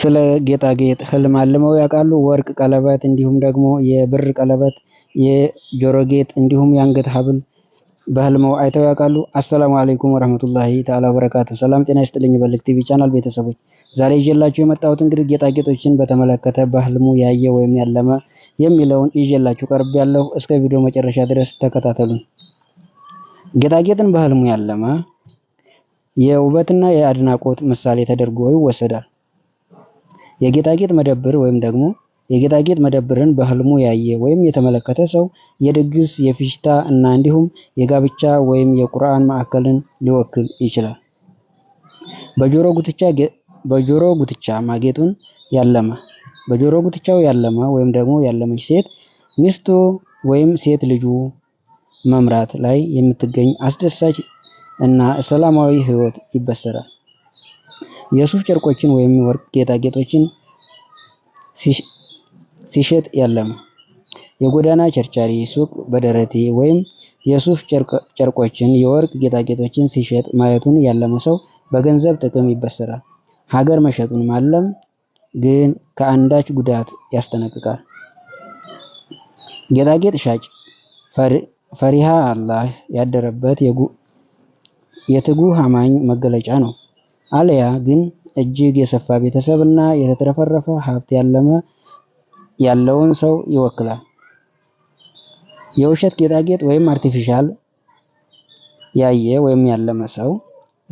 ስለ ጌጣጌጥ ህልም አልመው ያውቃሉ? ወርቅ ቀለበት፣ እንዲሁም ደግሞ የብር ቀለበት፣ የጆሮ ጌጥ እንዲሁም የአንገት ሀብል በህልመው አይተው ያውቃሉ? አሰላሙ አለይኩም ወረህመቱላሂ ተዓላ በረካቱ። ሰላም ጤና ይስጥልኝ በልክ ቲቪ ቻናል ቤተሰቦች፣ ዛሬ ይዤላችሁ የመጣሁት እንግዲህ ጌጣጌጦችን በተመለከተ በህልሙ ያየ ወይም ያለመ የሚለውን ይዤላችሁ ቀርብ ያለሁ። እስከ ቪዲዮ መጨረሻ ድረስ ተከታተሉን። ጌጣጌጥን በህልሙ ያለመ የውበትና የአድናቆት ምሳሌ ተደርጎ ይወሰዳል። የጌጣጌጥ መደብር ወይም ደግሞ የጌጣጌጥ መደብርን በህልሙ ያየ ወይም የተመለከተ ሰው የድግስ፣ የፊሽታ እና እንዲሁም የጋብቻ ወይም የቁርአን ማዕከልን ሊወክል ይችላል። በጆሮ ጉትቻ ማጌጡን ያለመ በጆሮ ጉትቻው ያለመ ወይም ደግሞ ያለመች ሴት ሚስቱ ወይም ሴት ልጁ መምራት ላይ የምትገኝ አስደሳች እና ሰላማዊ ህይወት ይበሰራል። የሱፍ ጨርቆችን ወይም ወርቅ ጌጣጌጦችን ሲሸጥ ያለመ የጎዳና ቸርቻሪ ሱቅ በደረቴ ወይም የሱፍ ጨርቆችን የወርቅ ጌጣጌጦችን ሲሸጥ ማየቱን ያለመ ሰው በገንዘብ ጥቅም ይበሰራል። ሀገር መሸጡን ማለም ግን ከአንዳች ጉዳት ያስጠነቅቃል። ጌጣጌጥ ሻጭ ፈሪሃ አላህ ያደረበት የትጉህ አማኝ መገለጫ ነው። አልያ ግን እጅግ የሰፋ ቤተሰብ እና የተትረፈረፈ ሀብት ያለመ ያለውን ሰው ይወክላል። የውሸት ጌጣጌጥ ወይም አርቲፊሻል ያየ ወይም ያለመ ሰው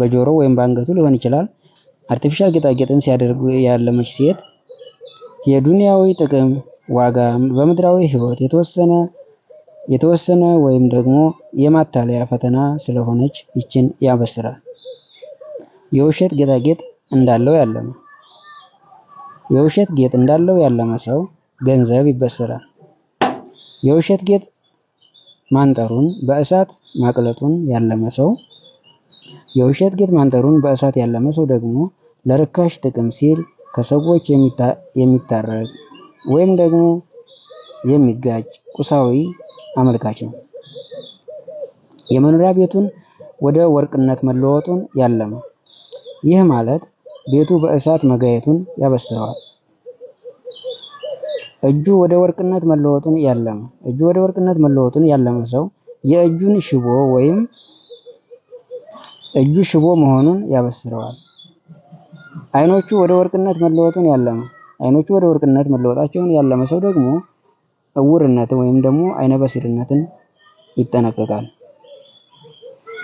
በጆሮ ወይም በአንገቱ ሊሆን ይችላል አርቲፊሻል ጌጣጌጥን ሲያደርጉ ያለመች ሴት የዱንያዊ ጥቅም ዋጋ በምድራዊ ህይወት የተወሰነ የተወሰነ ወይም ደግሞ የማታለያ ፈተና ስለሆነች ይችን ያበስራል። የውሸት ጌጣጌጥ እንዳለው ያለመ የውሸት ጌጥ እንዳለው ያለመ ሰው ገንዘብ ይበሰራል። የውሸት ጌጥ ማንጠሩን በእሳት ማቅለጡን ያለመ ሰው የውሸት ጌጥ ማንጠሩን በእሳት ያለመ ሰው ደግሞ ለርካሽ ጥቅም ሲል ከሰዎች የሚታረቅ ወይም ደግሞ የሚጋጭ ቁሳዊ አመልካች ነው። የመኖሪያ ቤቱን ወደ ወርቅነት መለወጡን ያለመ፣ ይህ ማለት ቤቱ በእሳት መጋየቱን ያበስረዋል። እጁ ወደ ወርቅነት መለወጡን ያለመ፣ እጁ ወደ ወርቅነት መለወጡን ያለመ ሰው የእጁን ሽቦ ወይም እጁ ሽቦ መሆኑን ያበስረዋል። አይኖቹ ወደ ወርቅነት መለወጡን ያለመ አይኖቹ ወደ ወርቅነት መለወጣቸውን ያለመ ሰው ደግሞ እውርነትን ወይም ደግሞ አይነ በሲርነትን ይጠነቀቃል።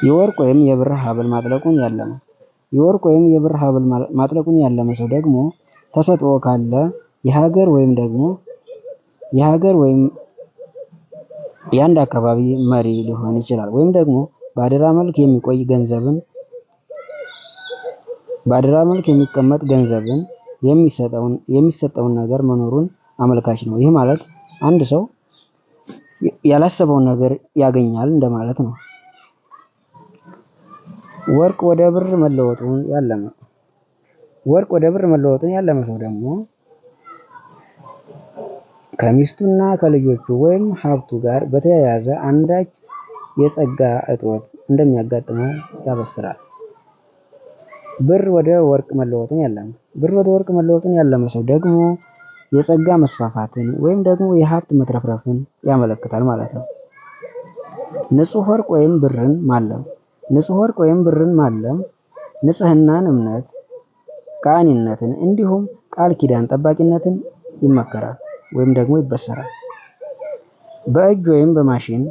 የወርቅ ወይም የብር ሀብል ማጥለቁን ያለመ የወርቅ ወይም የብር ሀብል ማጥለቁን ያለመ ሰው ደግሞ ተሰጥኦ ካለ የሀገር ወይም ደግሞ የሀገር ወይም የአንድ አካባቢ መሪ ሊሆን ይችላል ወይም ደግሞ በአደራ መልክ የሚቆይ ገንዘብን በአደራ መልክ የሚቀመጥ ገንዘብን የሚሰጠውን ነገር መኖሩን አመልካች ነው። ይህ ማለት አንድ ሰው ያላሰበውን ነገር ያገኛል እንደማለት ነው። ወርቅ ወደ ብር መለወጡን ያለመ ወርቅ ወደ ብር መለወጡን ያለመ ሰው ደግሞ ከሚስቱና ከልጆቹ ወይም ሀብቱ ጋር በተያያዘ አንዳች የጸጋ እጦት እንደሚያጋጥመው ያበስራል። ብር ወደ ወርቅ መለወጡን ያለመ ብር ወደ ወርቅ መለወጥን ያለመ ሰው ደግሞ የጸጋ መስፋፋትን ወይም ደግሞ የሀብት መትረፍረፍን ያመለክታል ማለት ነው። ንጹህ ወርቅ ወይም ብርን ማለም ንጹህ ወርቅ ወይም ብርን ማለም ንጽህናን፣ እምነት፣ ቃኒነትን እንዲሁም ቃል ኪዳን ጠባቂነትን ይመከራል ወይም ደግሞ ይበሰራል። በእጅ ወይም በማሽን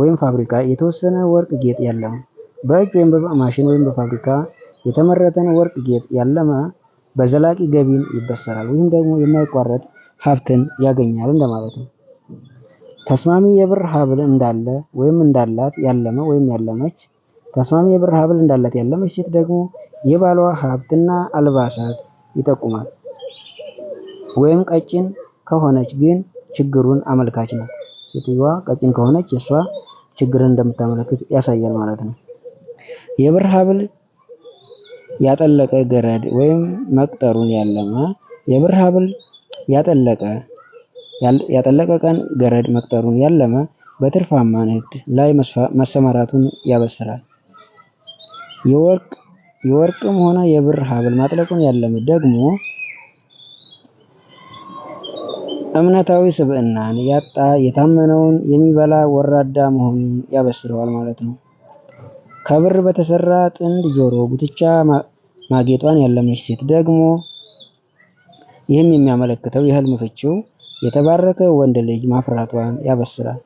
ወይም ፋብሪካ የተወሰነ ወርቅ ጌጥ ያለመ በእጅ ወይም በማሽን ወይም በፋብሪካ የተመረተን ወርቅ ጌጥ ያለመ በዘላቂ ገቢን ይበሰራል ወይም ደግሞ የማይቋረጥ ሀብትን ያገኛል እንደማለት ነው። ተስማሚ የብር ሀብል እንዳለ ወይም እንዳላት ያለመ ወይም ያለመች ተስማሚ የብር ሀብል እንዳላት ያለመች ሴት ደግሞ የባሏ ሀብትና አልባሳት ይጠቁማል። ወይም ቀጭን ከሆነች ግን ችግሩን አመልካች ነው። ሴትዮዋ ቀጭን ከሆነች እሷ ችግርን እንደምታመለክት ያሳያል ማለት ነው። የብር ሀብል ያጠለቀ ገረድ ወይም መቅጠሩን ያለመ የብር ሀብል ያጠለቀ ያጠለቀ ቀን ገረድ መቅጠሩን ያለመ በትርፋማ ንግድ ላይ መሰማራቱን ያበስራል። የወርቅም ሆነ የብር ሀብል ማጥለቁን ያለመ ደግሞ እምነታዊ ስብዕናን ያጣ የታመነውን የሚበላ ወራዳ መሆኑን ያበስረዋል ማለት ነው። ከብር በተሰራ ጥንድ ጆሮ ጉትቻ ማጌጧን ያለመች ሴት ደግሞ ይህም የሚያመለክተው የህልም ፍቺው የተባረከ ወንድ ልጅ ማፍራቷን ያበስራል።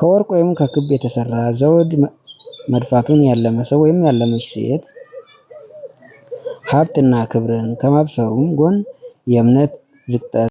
ከወርቅ ወይም ከክብ የተሰራ ዘውድ መድፋቱን ያለመ ሰው ወይም ያለመች ሴት ሀብትና ክብርን ከማብሰሩም ጎን የእምነት ዝቅጠት